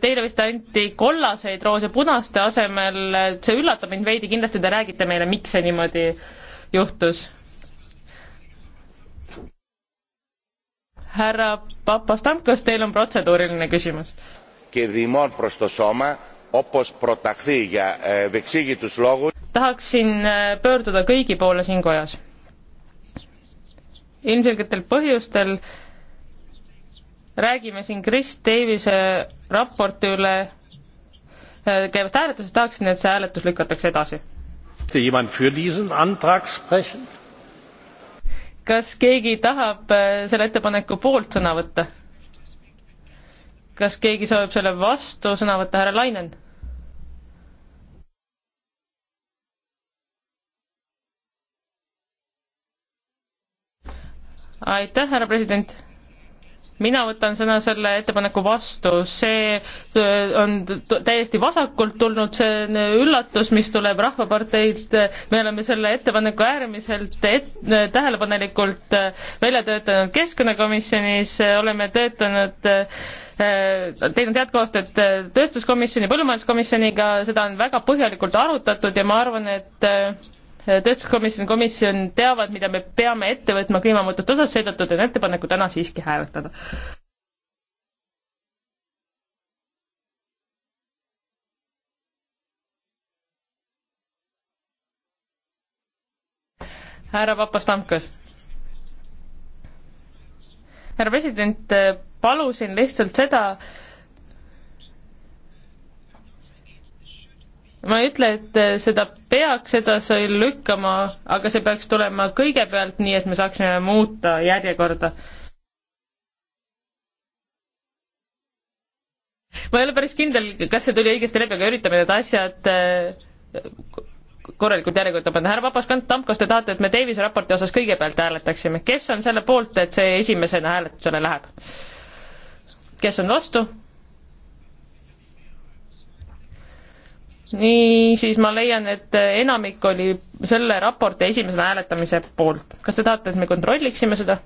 Teile vist anti kollaseid roose punaste asemel, see üllatab mind veidi, kindlasti te räägite meile, miks see niimoodi juhtus. härra Papastamkos, teil on protseduuriline küsimus. tahaksin pöörduda kõigi poole siin kojas. ilmselgetel põhjustel äh, räägime siin Chris Davise raporti üle äh, käivast hääletusest, tahaksin, et see hääletus lükatakse edasi. kas keegi tahab äh, selle ettepaneku poolt sõna võtta? kas keegi soovib selle vastu sõna võtta, härra Lainen? aitäh, härra president mina võtan sõna selle ettepaneku vastu, see äh, on täiesti vasakult tulnud, see on üllatus, mis tuleb Rahvaparteilt, me oleme selle ettepaneku äärmiselt et, tähelepanelikult äh, välja töötanud Keskkonnakomisjonis, oleme töötanud äh, teinud head koostööd tööstuskomisjoni, põllumajanduskomisjoniga, seda on väga põhjalikult arutatud ja ma arvan, et tööstuskomisjon, komisjon teavad, mida me peame ette võtma kliimamuutuste osas, seetõttu teen ettepaneku täna siiski hääletada. härra Papastamkas. härra president, palusin lihtsalt seda, ma ei ütle, et äh, seda peaks edasi lükkama, aga see peaks tulema kõigepealt, nii et me saaksime muuta järjekorda. ma ei ole päris kindel, kas see tuli õigesti läbi, aga üritame need asjad äh, korralikult järjekorda panna. härra Papaskant-Tamp, kas te tahate, et me Davise raporti osas kõigepealt hääletaksime, kes on selle poolt, et see esimesena hääletusele läheb? kes on vastu? niisiis ma leian, et enamik oli selle raporti esimese hääletamise poolt. kas te tahate, et me kontrolliksime seda?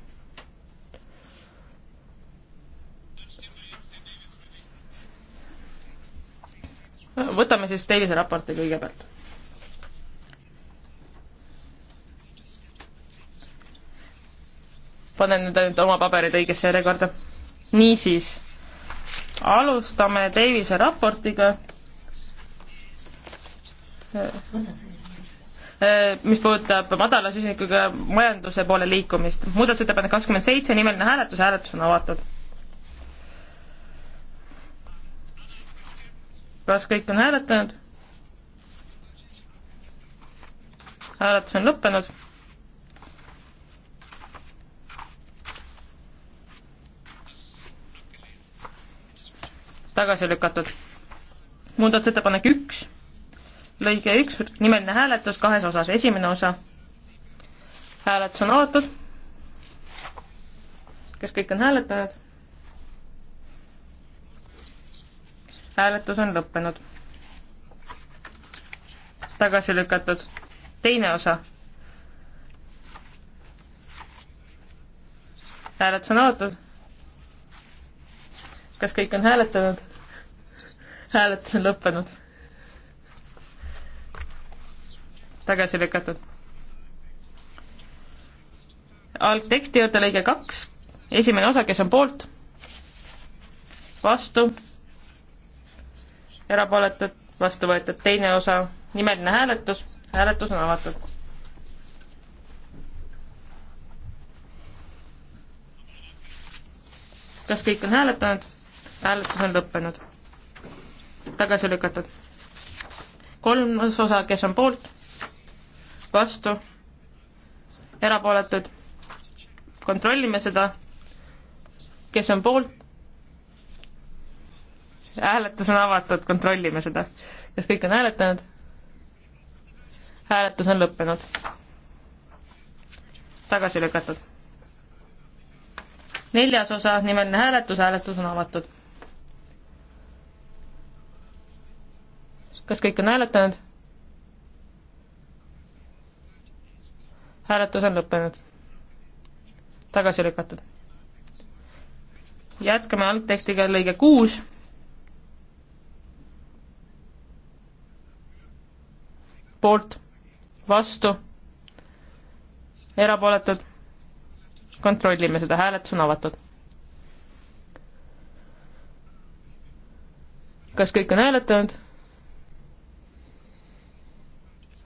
võtame siis teise raporti kõigepealt. panen nüüd ainult oma paberid õigesse järjekorda. niisiis, alustame Davise raportiga Äh, mis puudutab madala süsinikuga majanduse poole liikumist. muudatusettepanek kakskümmend seitse, nimeline hääletus, hääletus on avatud. kas kõik on hääletanud? hääletus on lõppenud. tagasi lükatud. muudatusettepanek üks lõige üks, nimeline hääletus kahes osas, esimene osa. hääletus on avatud. kas kõik on hääletanud? hääletus on lõppenud. tagasi lükatud. teine osa. hääletus on avatud. kas kõik on hääletanud? hääletus on lõppenud tagasi lükatud. algteksti juurde lõige kaks, esimene osa, kes on poolt, vastu, erapooletud, vastu võetud, teine osa, nimeline hääletus, hääletus on avatud. kas kõik on hääletanud? hääletus on lõppenud. tagasi lükatud. kolmas osa, kes on poolt vastu, erapooletud. kontrollime seda, kes on poolt. hääletus on avatud, kontrollime seda. kas kõik on hääletanud? hääletus on lõppenud. tagasi lükatud. neljas osa, nimeline hääletus, hääletus on avatud. kas kõik on hääletanud? hääletus on lõppenud. tagasi lükatud. jätkame algtekstiga lõige kuus. poolt, vastu, erapooletud. kontrollime seda, hääletus on avatud. kas kõik on hääletanud?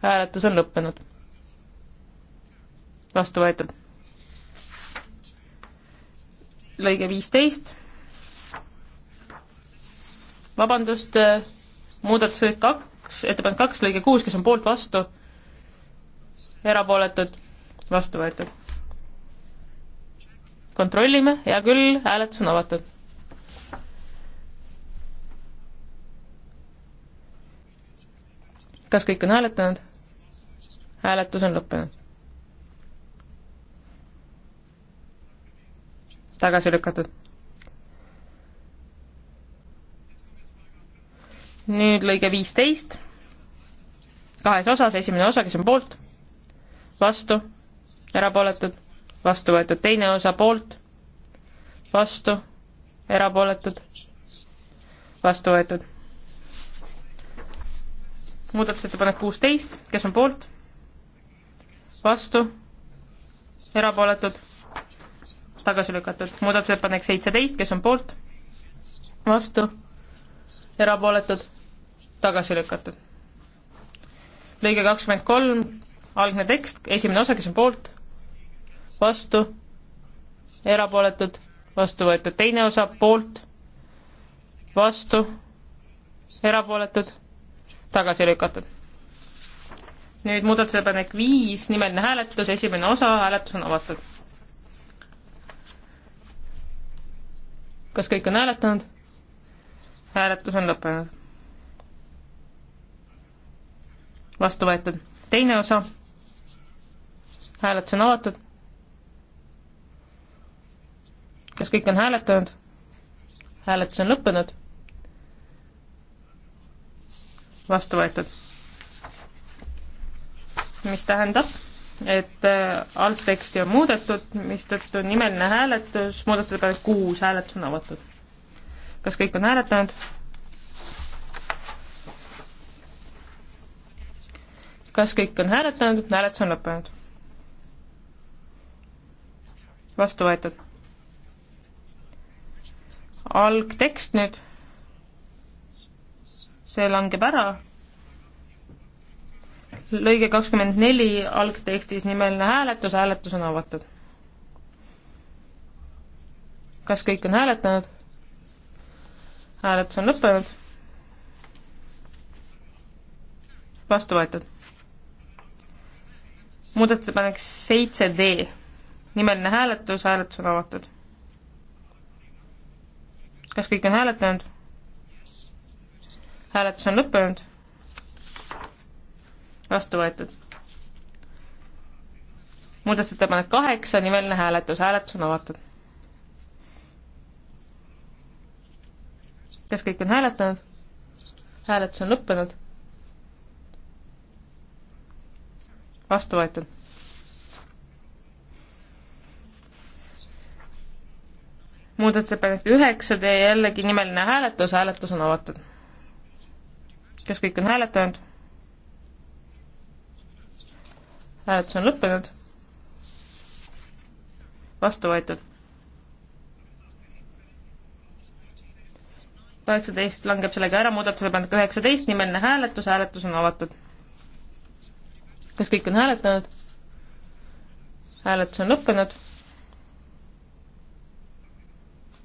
hääletus on lõppenud vastu võetud. lõige viisteist. vabandust, muudatus kaks, ettepanek kaks, lõige kuus, kes on poolt, vastu, erapooletud, vastu võetud. kontrollime, hea küll, hääletus on avatud. kas kõik on hääletanud? hääletus on lõppenud tagasi lükatud. nüüd lõige viisteist, kahes osas, esimene osa, kes on poolt, vastu, erapooletud, vastu võetud, teine osa poolt, vastu, erapooletud, vastu võetud. muudatusettepanek kuusteist, kes on poolt, vastu, erapooletud tagasi lükatud. muudatusettepanek seitseteist, kes on poolt, vastu, erapooletud, tagasi lükatud. lõige kakskümmend kolm, algne tekst, esimene osa, kes on poolt, vastu, erapooletud, vastu võetud, teine osa poolt, vastu, erapooletud, tagasi lükatud. nüüd muudatusettepanek viis, nimeline hääletus, esimene osa, hääletus on avatud kas kõik on hääletanud? hääletus on lõppenud. vastu võetud. teine osa. hääletus on avatud. kas kõik on hääletanud? hääletus on lõppenud. vastu võetud. mis tähendab? et äh, algteksti on muudetud, mistõttu nimeline hääletus, muudatusettepanek kuus, hääletus on avatud. kas kõik on hääletanud? kas kõik on hääletanud, hääletus on lõppenud. vastu võetud. algtekst nüüd, see langeb ära lõige kakskümmend neli algtekstis nimeline hääletus, hääletus on avatud. kas kõik on hääletanud? hääletus on lõppenud. vastu võetud. muudatusettepanek seitse D, nimeline hääletus, hääletus on avatud. kas kõik on hääletanud? hääletus on lõppenud vastu võetud. muudatusettepanek kaheksa, nimeline hääletus, hääletus on avatud. kas kõik on hääletanud? hääletus on lõppenud. vastu võetud. muudatusettepanek üheksa, tee jällegi nimeline hääletus, hääletus on avatud. kas kõik on hääletanud? hääletus on lõppenud. vastu võetud. kaheksateist langeb sellega ära, muudatusettepanek üheksateist, nimeline hääletus, hääletus on avatud. kas kõik on hääletanud? hääletus on lõppenud.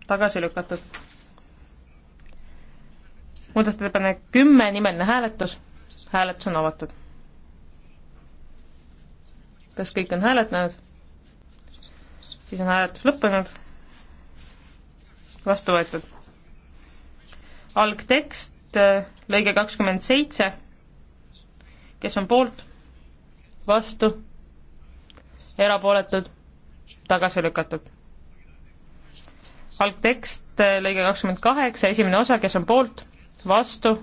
tagasi lükatud. muudatusettepanek kümme, nimeline hääletus, hääletus on avatud kas kõik on hääletanud? siis on hääletus lõppenud. vastu võetud. algtekst, äh, lõige kakskümmend seitse. kes on poolt? vastu? erapooletud? tagasi lükatud? algtekst, äh, lõige kakskümmend kaheksa, esimene osa, kes on poolt? vastu?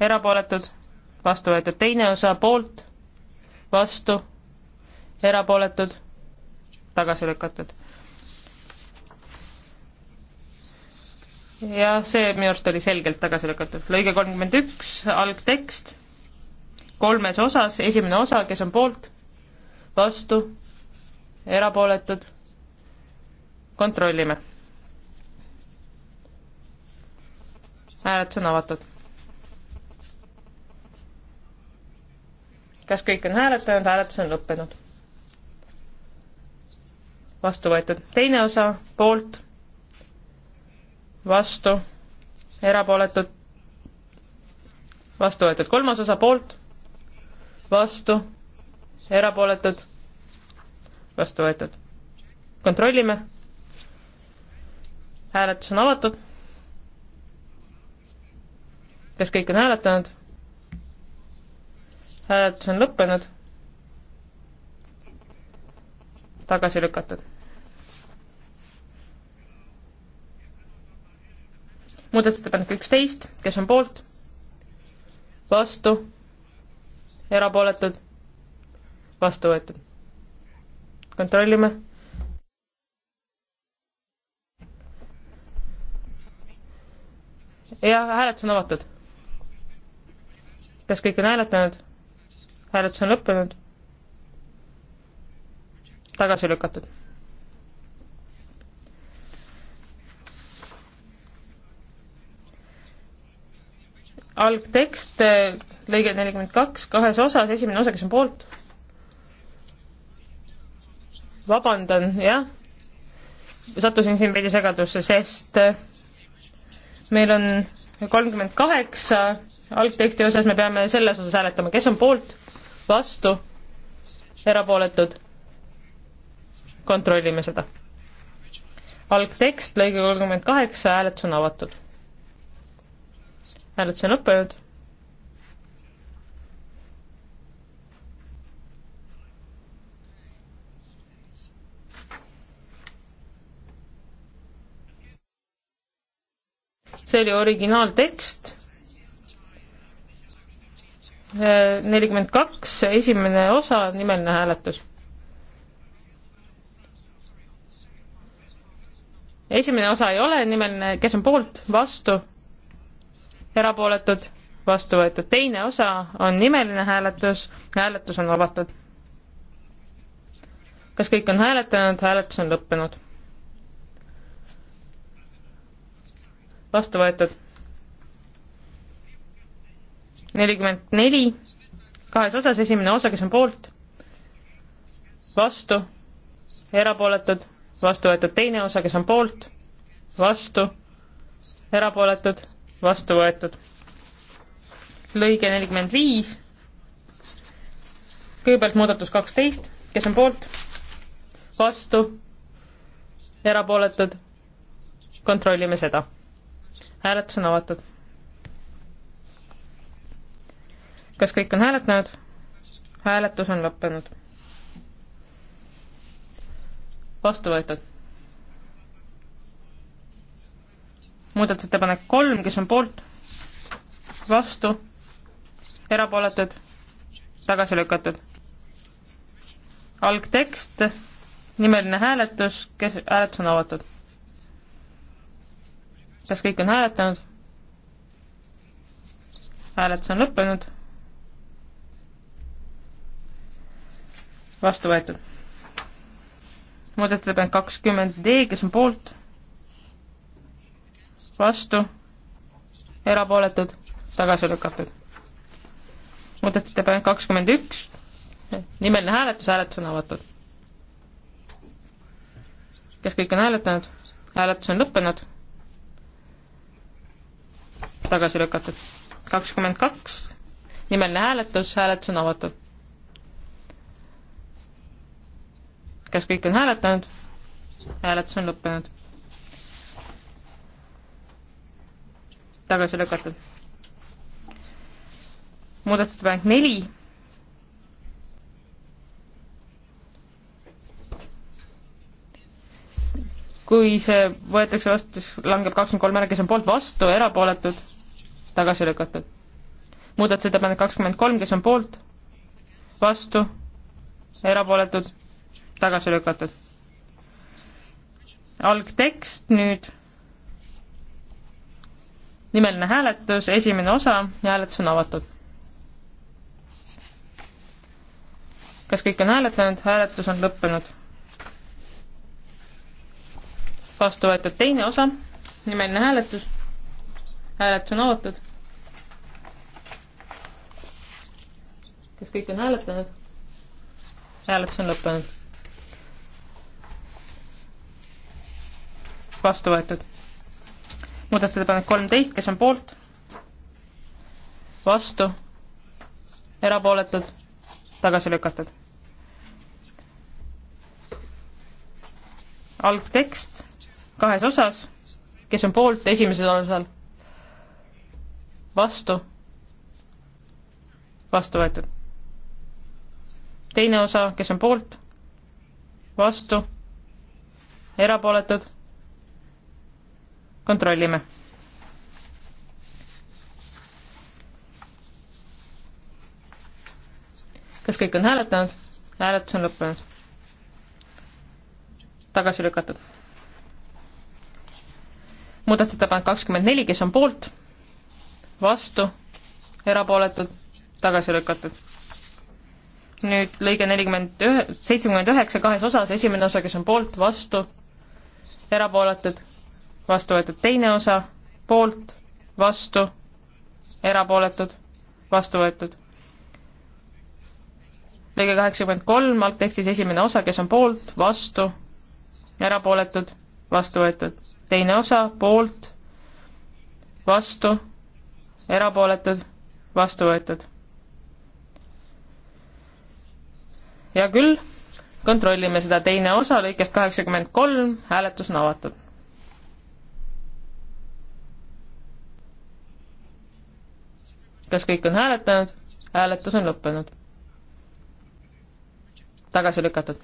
erapooletud? vastu võetud teine osa, poolt? vastu? erapooletud, tagasi lükatud. ja see minu arust oli selgelt tagasi lükatud. lõige kolmkümmend üks, algtekst, kolmes osas, esimene osa, kes on poolt, vastu, erapooletud, kontrollime. hääletus on avatud. kas kõik on hääletanud, hääletus on lõppenud vastu võetud. teine osa poolt, vastu, erapooletud, vastu võetud. kolmas osa poolt, vastu, erapooletud, vastu võetud. kontrollime. hääletus on avatud kas kõik on hääletanud? hääletus on lõppenud. tagasi lükatud. muudatusettepanek üksteist, kes on poolt? vastu? erapooletud? vastu võetud. kontrollime. ja hääletus on avatud. kas kõik on hääletanud? hääletus on lõppenud. tagasi lükatud algtekst, eh, lõige nelikümmend kaks, kahes osas, esimene osa, kes on poolt? vabandan, jah, sattusin siin veidi segadusse, sest eh, meil on kolmkümmend kaheksa algteksti osas, me peame selles osas hääletama, kes on poolt, vastu, erapooletud, kontrollime seda. algtekst, lõige kolmkümmend kaheksa, hääletus on avatud hääletus on lõppenud. see oli originaaltekst. nelikümmend kaks, esimene osa, nimeline hääletus esimene osa ei ole nimeline, kes on poolt, vastu, erapooletud, vastu võetud. teine osa on nimeline hääletus, hääletus on avatud. kas kõik on hääletanud, hääletus on lõppenud? vastu võetud. nelikümmend neli, kahes osas, esimene osa, kes on poolt, vastu, erapooletud, vastu võetud teine osa, kes on poolt, vastu, erapooletud, vastu võetud. lõige nelikümmend viis, kõigepealt muudatus kaksteist, kes on poolt, vastu, erapooletud, kontrollime seda. hääletus on avatud. kas kõik on hääletanud? hääletus on lõppenud. vastu võetud muudatusettepanek kolm, kes on poolt, vastu, erapooletud, tagasi lükatud. algtekst, nimeline hääletus, kes, hääletus on avatud. kas kõik on hääletanud? hääletus on lõppenud. vastu võetud. muudatusettepanek kakskümmend D, kes on poolt vastu, erapooletud, tagasi lükatud. muudatusettepanek kakskümmend üks, nimeline hääletus, hääletus on avatud. kes kõik on hääletanud? hääletus on lõppenud, tagasi lükatud. kakskümmend kaks, nimeline hääletus, hääletus on avatud. kas kõik on hääletanud? hääletus on lõppenud tagasi lükatud. muudatusettepanek neli. kui see võetakse vastu, siis langeb kakskümmend kolm ära, kes on poolt, vastu, erapooletud, tagasi lükatud. muudatusettepanek kakskümmend kolm, kes on poolt, vastu, erapooletud, tagasi lükatud. algtekst nüüd nimeline hääletus, esimene osa, hääletus on avatud. kas kõik on hääletanud, hääletus on lõppenud. vastu võetud teine osa, nimeline hääletus, hääletus on avatud. kas kõik on hääletanud? hääletus on lõppenud. vastu võetud muudatusettepanek kolmteist, kes on poolt? vastu? erapooletud? tagasi lükatud? algtekst kahes osas, kes on poolt esimesel osal? vastu? vastu võetud. teine osa, kes on poolt? vastu? erapooletud? kontrollime. kas kõik on hääletanud? hääletus on lõppenud. tagasi lükatud. muudatusettepanek kakskümmend neli, kes on poolt, vastu, erapooletud, tagasi lükatud. nüüd lõige nelikümmend ühe, seitsekümmend üheksa kahes osas, esimene osa, kes on poolt, vastu, erapooletud vastu võetud teine osa, poolt, vastu, erapooletud, vastu võetud. lõige kaheksakümmend kolm, algtekstis esimene osa, kes on poolt, vastu, erapooletud, vastu võetud. teine osa, poolt, vastu, erapooletud, vastu võetud. hea küll, kontrollime seda teine osa lõikest kaheksakümmend kolm, hääletus on avatud. kas kõik on hääletanud? hääletus on lõppenud. tagasi lükatud.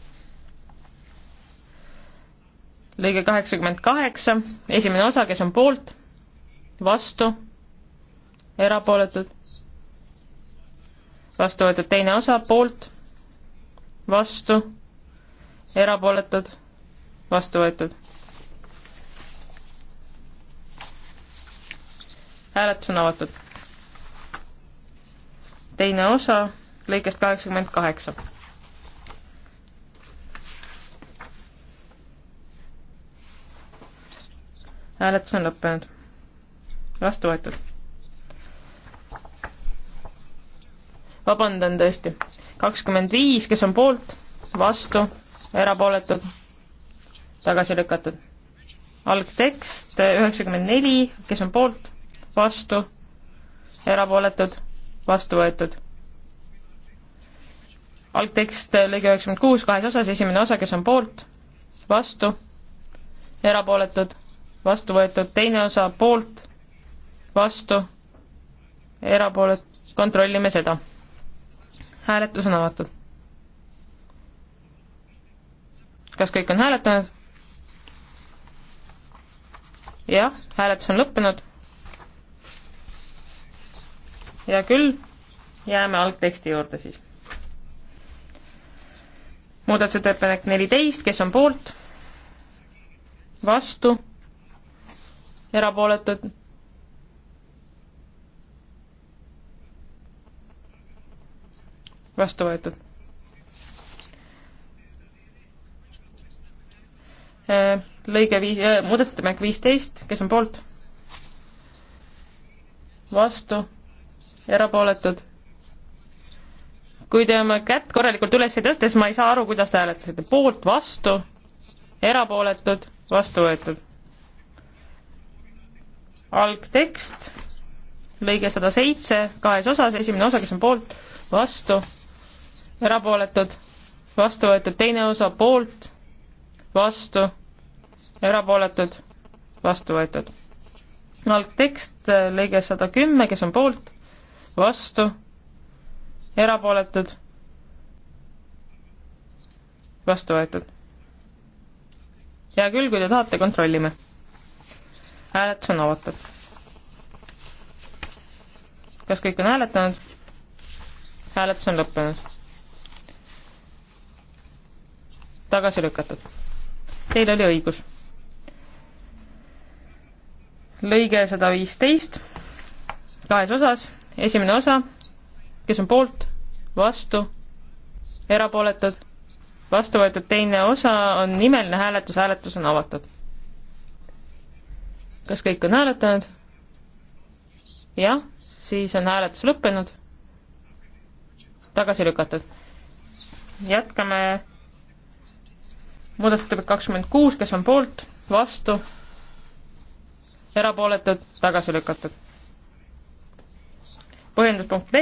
lõige kaheksakümmend kaheksa, esimene osa, kes on poolt, vastu, erapooletud, vastu võetud teine osa, poolt, vastu, erapooletud, vastu võetud. hääletus on avatud teine osa lõikest kaheksakümmend kaheksa. hääletus on lõppenud. vastu võetud. vabandan tõesti. kakskümmend viis, kes on poolt, vastu, erapooletud, tagasi lükatud. algtekst üheksakümmend neli, kes on poolt, vastu, erapooletud vastu võetud. algtekst lõige üheksakümmend kuus kahes osas, esimene osa, kes on poolt, vastu, erapooletud, vastu võetud, teine osa poolt, vastu, erapoolet-, kontrollime seda. hääletus on avatud. kas kõik on hääletanud? jah, hääletus on lõppenud hea küll, jääme algteksti juurde siis. muudatusettepanek neliteist, kes on poolt? vastu? erapooletud? vastu võetud äh, lõige viis, äh, muudatusettepanek viisteist, kes on poolt? vastu? erapooletud. kui te oma kätt korralikult üles ei tõsta, siis ma ei saa aru, kuidas te hääletasite. poolt, vastu, erapooletud, vastu võetud. algtekst, lõige sada seitse, kahes osas, esimene osa, kes on poolt, vastu, erapooletud, vastu võetud, teine osa poolt, vastu, erapooletud, vastu võetud algtekst, lõige sada kümme, kes on poolt, vastu, erapooletud, vastu võetud. hea küll, kui te tahate, kontrollime. hääletus on avatud. kas kõik on hääletanud? hääletus on lõppenud. tagasi lükatud. Teil oli õigus. lõige sada viisteist kahes osas esimene osa, kes on poolt, vastu, erapooletud, vastu võetud teine osa on nimeline hääletus, hääletus on avatud. kas kõik on hääletanud? jah, siis on hääletus lõppenud, tagasi lükatud. jätkame muudatusettepanek kakskümmend kuus, kes on poolt, vastu, erapooletud, tagasi lükatud põhjendus punkt B.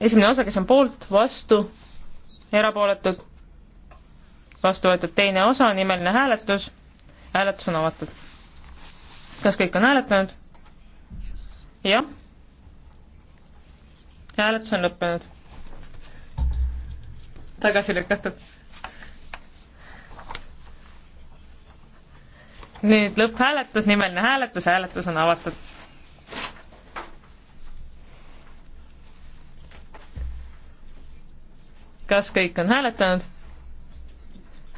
esimene osa, kes on poolt, vastu, erapooletud, vastu võetud teine osa, nimeline hääletus, hääletus on avatud. kas kõik on hääletanud? jah. hääletus on lõppenud. tagasi lükatud. nüüd lõpphääletus, nimeline hääletus, hääletus on avatud kas kõik on hääletanud?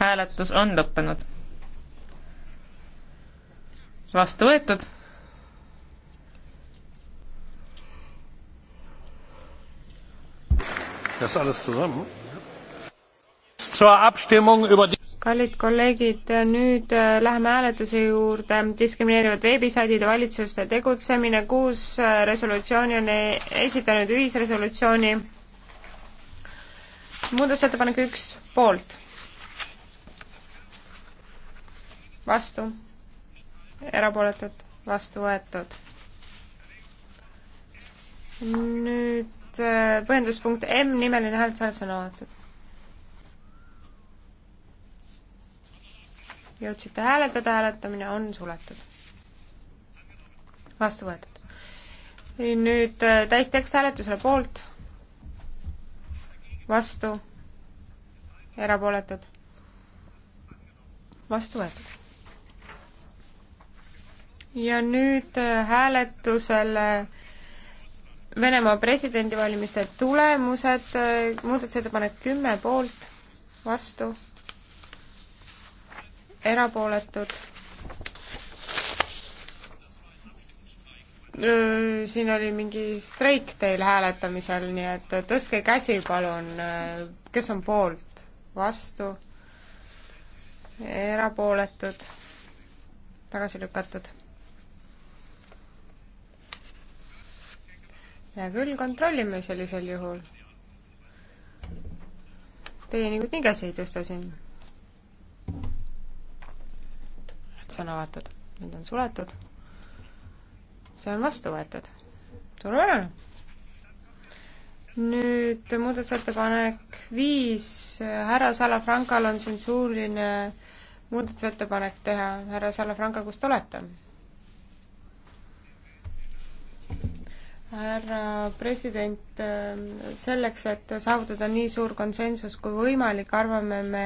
hääletus on lõppenud. vastu võetud. kallid kolleegid, nüüd äh, läheme hääletuse juurde. diskrimineerivad veebisaidid ja valitsuste tegutsemine. kuus äh, resolutsiooni on e-, esitanud ühisresolutsiooni muudatusettepanek üks, poolt. vastu. erapooletud, vastu võetud. nüüd äh, põhjenduspunkt M, nimeline hääletus, hääletus on avatud. jõudsite hääletada, hääletamine on suletud. vastu võetud. nüüd äh, täistekst hääletusele poolt vastu, erapooletud, vastu võetud. ja nüüd äh, hääletusele Venemaa presidendivalimiste tulemused, äh, muudatusettepanek kümme poolt, vastu, erapooletud siin oli mingi streik teil hääletamisel, nii et tõstke käsi, palun, kes on poolt, vastu, erapooletud, tagasi lükatud. hea küll, kontrollime sellisel juhul. Teie niikuinii käsi ei tõsta siin. et see on avatud, nüüd on suletud see on vastu võetud. tore! nüüd muudatusettepanek viis, härra Salafrankal on siin suuline muudatusettepanek teha, härra Salafranca, kus te olete? härra president, selleks, et saavutada nii suur konsensus kui võimalik, arvame me,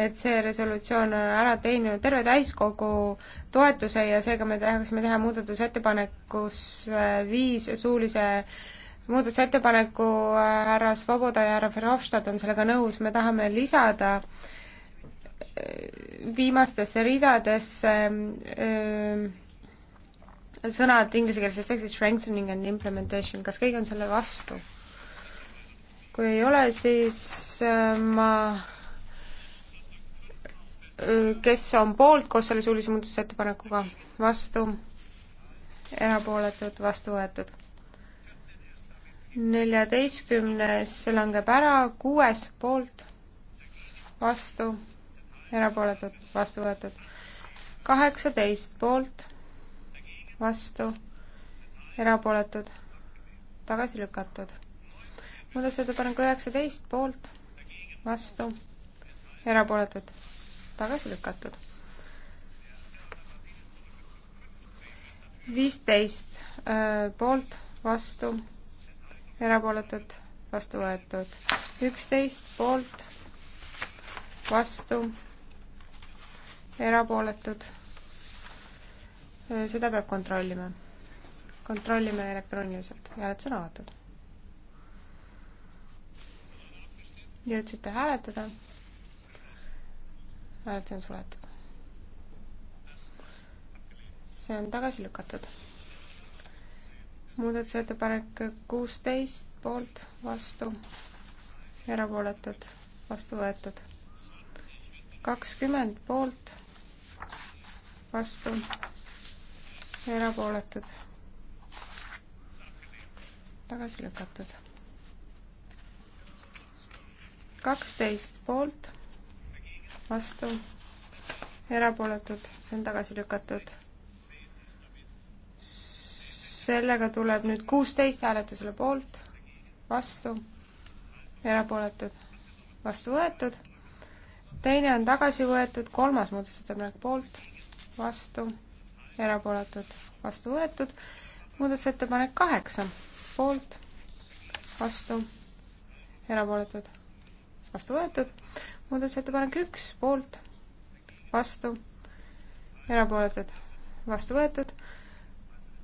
et see resolutsioon on ära teeninud terve täiskogu toetuse ja seega me tahaksime teha muudatusettepanekus viis suulise muudatusettepaneku, härra Svoboda ja härra Verhofstadt on sellega nõus, me tahame lisada viimastesse ridadesse öö, äh, sõnad inglisekeelses tekstis strengthening and implementation, kas keegi on selle vastu? kui ei ole, siis äh, ma, äh, kes on poolt koos selle suulise muudatusettepanekuga, vastu, erapooletud, vastu võetud. neljateistkümnes langeb ära, kuues poolt, vastu, erapooletud, vastu võetud. kaheksateist poolt vastu, erapooletud, tagasi lükatud. muudatusettepanek üheksateist, poolt, vastu, erapooletud, tagasi lükatud. viisteist äh, poolt, vastu, erapooletud, vastu võetud. üksteist poolt, vastu, erapooletud Äh, seda peab kontrollima. kontrollime elektrooniliselt, hääletus on avatud. jõudsite hääletada? hääletus on suletud. see on tagasi lükatud. muudatusettepanek kuusteist poolt, vastu, erapooletud, vastu võetud kakskümmend poolt, vastu, erapooletud, tagasi lükatud. kaksteist poolt, vastu, erapooletud, see on tagasi lükatud. sellega tuleb nüüd kuusteist hääletusele poolt, vastu, erapooletud, vastu võetud. teine on tagasi võetud, kolmas muudatusettepanek poolt, vastu erapooletud, vastu võetud. muudatusettepanek kaheksa, poolt, vastu, erapooletud, vastu võetud. muudatusettepanek üks, poolt, vastu, erapooletud, vastu võetud.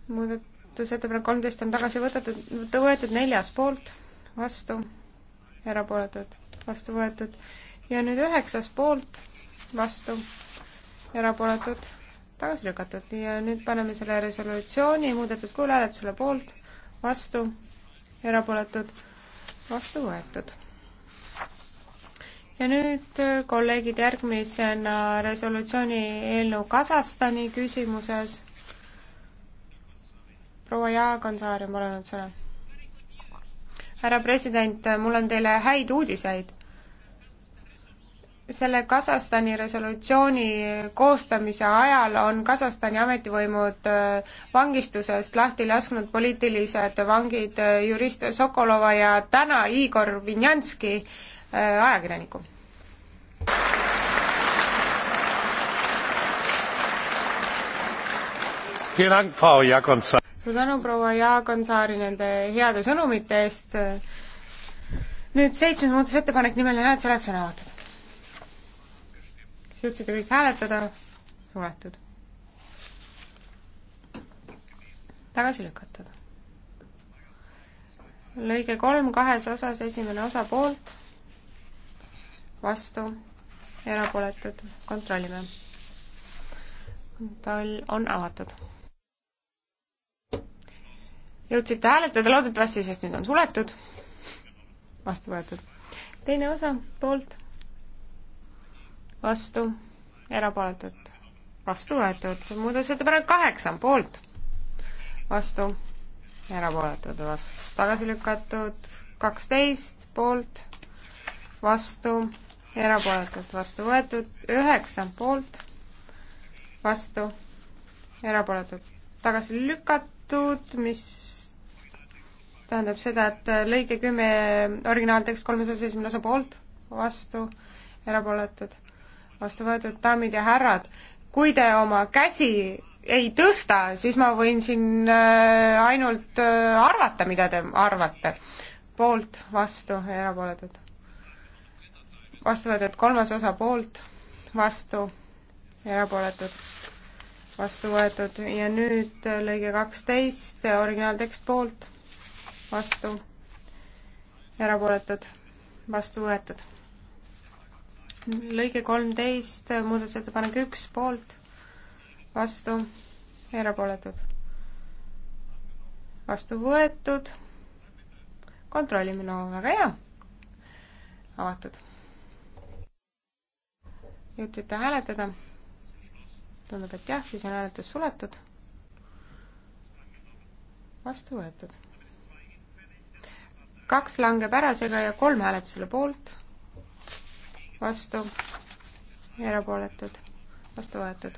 muudatusettepanek kolmteist on tagasi võtetud, võetud neljas poolt, vastu, erapooletud, vastu võetud ja nüüd üheksas poolt, vastu, erapooletud tagasi lükatud ja nüüd paneme selle resolutsiooni muudetud kujul hääletusele poolt, vastu, erapooletud, vastu võetud. ja nüüd äh, kolleegid, järgmisena resolutsiooni eelnõu Kasahstani küsimuses. proua Jaa Gonsaar on palunud sõna. härra president, mul on teile häid uudiseid selle Kasahstani resolutsiooni koostamise ajal on Kasahstani ametivõimud äh, vangistusest lahti lasknud poliitilised vangid äh, jurist Sokolova ja täna Igor Vinjanski äh, ajakirjaniku. suur tänu, proua Jaagonsaari nende heade sõnumite eest. nüüd seitsmes muudatusettepanek, nimeline hääletus, oled sõna avatud jõudsite kõik hääletada, suletud. tagasi lükatud. lõige kolm kahes osas, esimene osa poolt, vastu, erapooletud, kontrollime. kontroll on avatud. jõudsite hääletada loodetavasti, sest nüüd on suletud, vastu võetud. teine osa poolt vastu, erapooletud, vastu võetud, muudatusettepanek kaheksa on poolt, vastu, erapooletud, vastu, tagasi lükatud, kaksteist poolt, vastu, erapooletud, vastu võetud, üheksa poolt, vastu, erapooletud, tagasi lükatud, mis tähendab seda, et lõige kümme originaaltekst kolmesaja seitsmekümne osa poolt, vastu, erapooletud, vastu võetud daamid ja härrad, kui te oma käsi ei tõsta, siis ma võin siin äh, ainult äh, arvata, mida te arvate. poolt, vastu ja erapooletud. vastu võetud kolmas osa poolt, vastu, erapooletud, vastu võetud ja nüüd äh, lõige kaksteist, originaaltekst poolt, vastu, erapooletud, vastu võetud lõige kolmteist, muudatusettepanek üks, poolt, vastu, erapooletud. vastu võetud, kontrollime, no väga hea, avatud. jõudsite hääletada? tundub, et jah, siis on hääletus suletud. vastu võetud. kaks langeb ära, seega jääb kolm hääletusele poolt vastu, erapooletud, vastu võetud.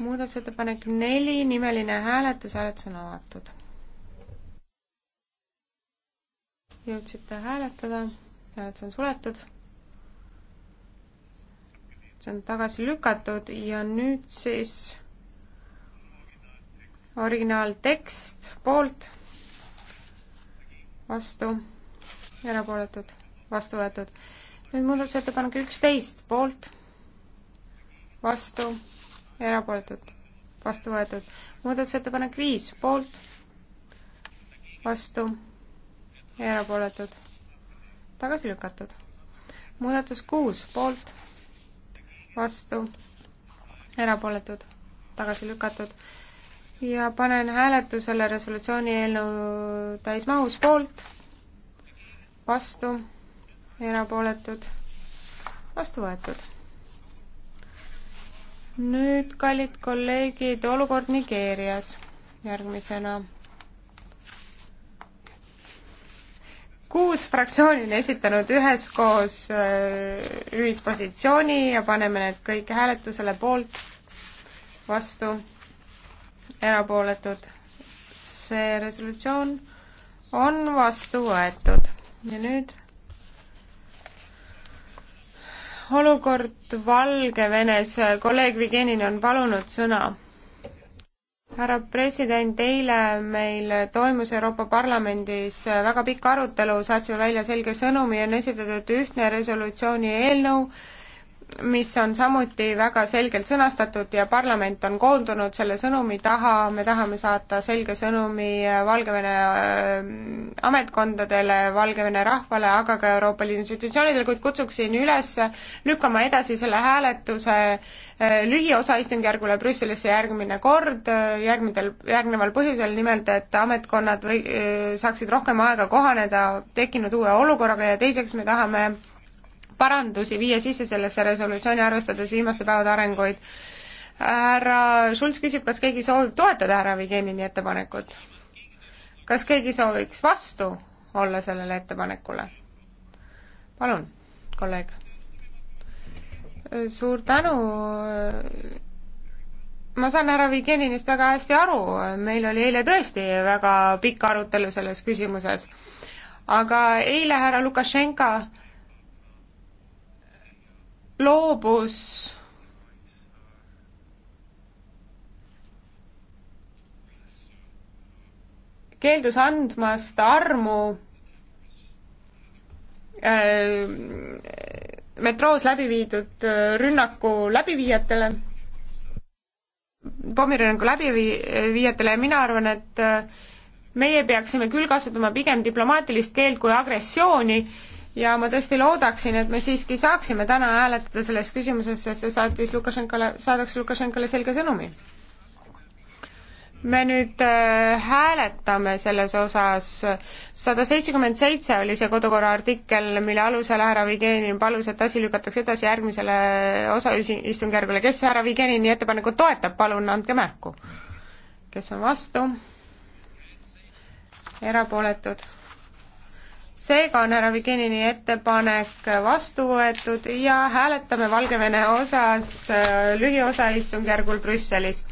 muudatusettepanek neli, nimeline hääletus, hääletus on avatud. jõudsite hääletada, hääletus on suletud. see on tagasi lükatud ja nüüd siis originaaltekst poolt, vastu, erapooletud, vastu võetud nüüd muudatusettepanek üksteist, poolt, vastu, erapooletud, vastu võetud. muudatusettepanek viis, poolt, vastu, erapooletud, tagasi lükatud. muudatus kuus, poolt, vastu, erapooletud, tagasi lükatud. ja panen hääletusele resolutsiooni eelnõu täismahus poolt, vastu erapooletud, vastu võetud. nüüd, kallid kolleegid, olukord Nigeerias järgmisena. kuus fraktsiooni on esitanud üheskoos äh, ühispositsiooni ja paneme need kõik hääletusele poolt, vastu, erapooletud. see resolutsioon on vastu võetud ja nüüd olukord Valgevenes, kolleeg Vigenin on palunud sõna. härra president, eile meil toimus Euroopa Parlamendis väga pikk arutelu, saatsime välja selge sõnumi, on esitatud ühtne resolutsiooni eelnõu, mis on samuti väga selgelt sõnastatud ja parlament on koondunud selle sõnumi taha, me tahame saata selge sõnumi äh, Valgevene äh, ametkondadele, Valgevene rahvale, aga ka Euroopa Liidu institutsioonidele, kuid kutsuksin üles lükkama edasi selle hääletuse äh, lühiosa istungjärgule Brüsselisse järgmine kord, järgmine, järgneval põhjusel, nimelt et ametkonnad või saaksid rohkem aega kohaneda tekkinud uue olukorraga ja teiseks me tahame parandusi viia sisse sellesse resolutsiooni, arvestades viimaste päevade arenguid. härra Schulz küsib, kas keegi soovib toetada härra Vigenini ettepanekut? kas keegi sooviks vastu olla sellele ettepanekule? palun, kolleeg. suur tänu ma saan härra Vigeninist väga hästi aru, meil oli eile tõesti väga pikk arutelu selles küsimuses. aga eile härra Lukašenka loobus keeldus andmast armu äh, metroos läbi viidud äh, rünnaku läbiviijatele, pommirünnaku läbiviijatele ja mina arvan, et äh, meie peaksime küll kasutama pigem diplomaatilist keelt kui agressiooni ja ma tõesti loodaksin, et me siiski saaksime täna hääletada selles küsimuses, sest see saatis Lukašenkale, saadaks Lukašenkale selge sõnumi. me nüüd äh, hääletame selles osas, sada seitsekümmend seitse oli see kodukorra artikkel, mille alusel härra Vigenin palus, et asi lükatakse edasi järgmisele osaistungjärgule. kes härra Vigenini ettepanekut toetab, palun andke märku. kes on vastu? erapooletud seega on härra Vigenini ettepanek vastu võetud ja hääletame Valgevene osas äh, lühiosa istungjärgul Brüsselis.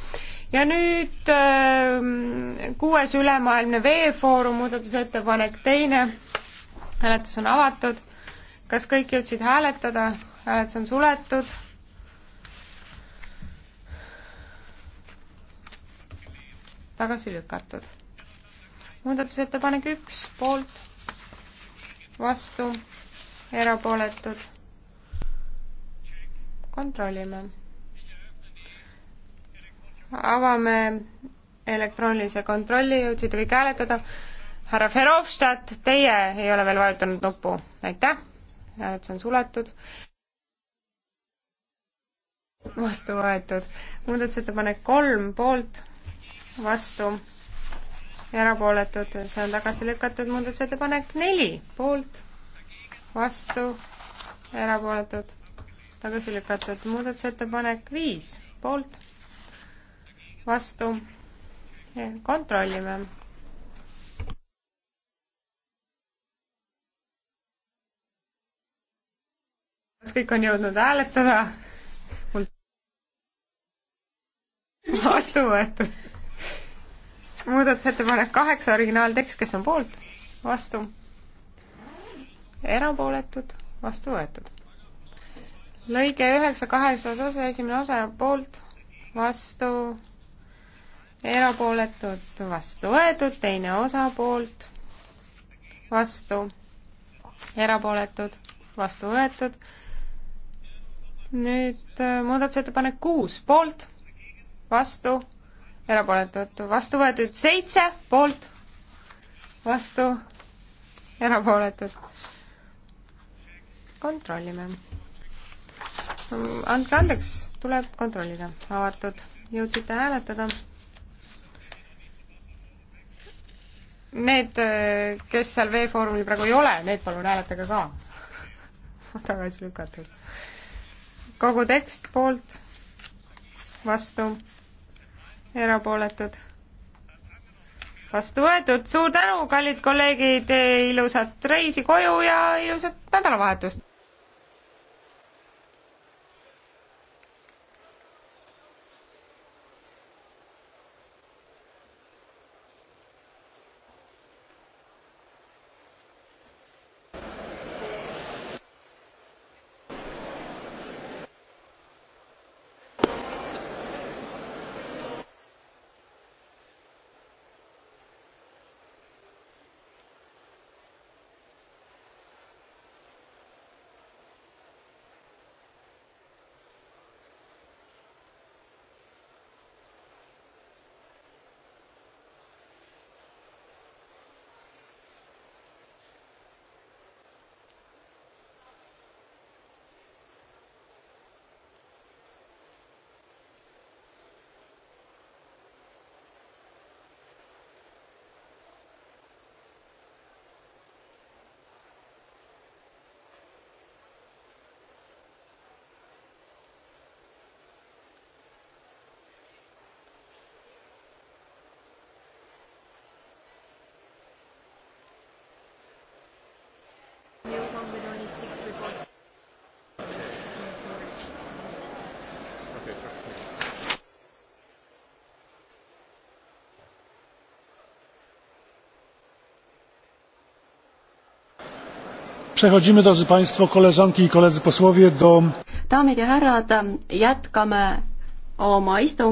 ja nüüd ähm, kuues ülemaailmne veefoorum muudatusettepanek teine, hääletus on avatud, kas kõik jõudsid hääletada, hääletus on suletud tagasi lükatud. muudatusettepanek üks, poolt, vastu, erapooletud. kontrollime. avame elektroonilise kontrolli, jõudsite kõik hääletada. härra Verhofstadt, teie ei ole veel vajutanud nuppu, aitäh. hääletus on suletud. vastu võetud. muudatusettepanek kolm poolt, vastu erapooletud, see on tagasi lükatud, muudatusettepanek neli, poolt, vastu, erapooletud, tagasi lükatud, muudatusettepanek viis, poolt, vastu, kontrollime. kas kõik on jõudnud hääletada? vastu võetud muudatusettepanek kaheksa, originaaltekst, kes on poolt, vastu, erapooletud, vastu võetud. lõige üheksa kahes osas, esimene osa poolt, vastu, erapooletud, vastu võetud, teine osa poolt, vastu, erapooletud, vastu võetud. nüüd äh, muudatusettepanek kuus, poolt, vastu erapooletud, vastu võetud seitse poolt, vastu, erapooletud. kontrollime. andke andeks, tuleb kontrollida. avatud, jõudsite hääletada? Need, kes seal veefoorumil praegu ei ole, need palun hääletage ka. tagasi lükatud. kogu tekst poolt, vastu erapooletud. vastu võetud, suur tänu, kallid kolleegid, ilusat reisi koju ja ilusat nädalavahetust! Przechodzimy, drodzy Państwo, koleżanki i koledzy posłowie, do... Daamid ja härrad, jätkame oma istung...